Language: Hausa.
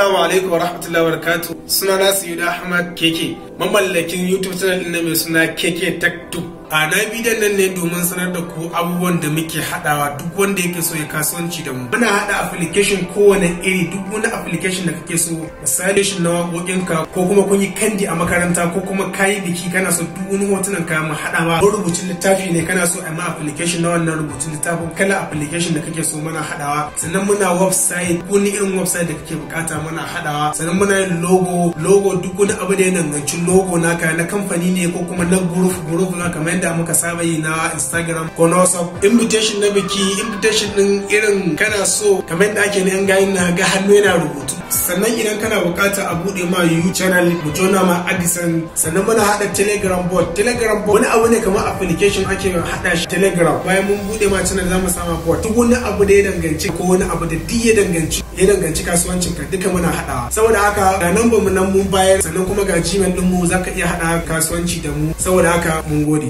Assalamu alaikum wa wabarakatuh. Sunana Sayyid Ahmad Keke, mamallakin YouTube channel na mai suna Keke Tech 2. a na bidiyon nan ne domin sanar da ku abubuwan da muke hadawa duk wanda yake so ya kasuwanci da mu muna hada application kowane iri duk wani application da kake so misali shi na wakokinka ko kuma kun yi kandi a makaranta ko kuma kayi biki kana so duk wani hotunan ka mu hadawa ma rubutun littafi ne kana so a ma application na wannan rubutun littafin kala application da kake so muna hadawa sannan muna website ko ni irin website da kake bukata muna hadawa sannan muna yin logo logo duk wani abu da ya danganci logo naka na kamfani ne ko kuma na group group na kamar yadda muka saba yi na instagram ko na whatsapp invitation na biki invitation din irin kana so kamar da ake na yan gayin na ga hannu yana rubutu sannan idan kana bukata a bude ma yu channel mu jona ma addison sannan muna hada telegram board telegram board wani abu ne kamar application ake hada shi telegram bayan mun bude ma channel zamu sama board duk wani abu da ya danganci ko wani abu da duk ya danganci ya danganci kasuwancin ka duka muna hadawa saboda haka ga nan mu nan mun bayar sannan kuma ga gmail din mu zaka iya hada kasuwanci da mu saboda haka mun gode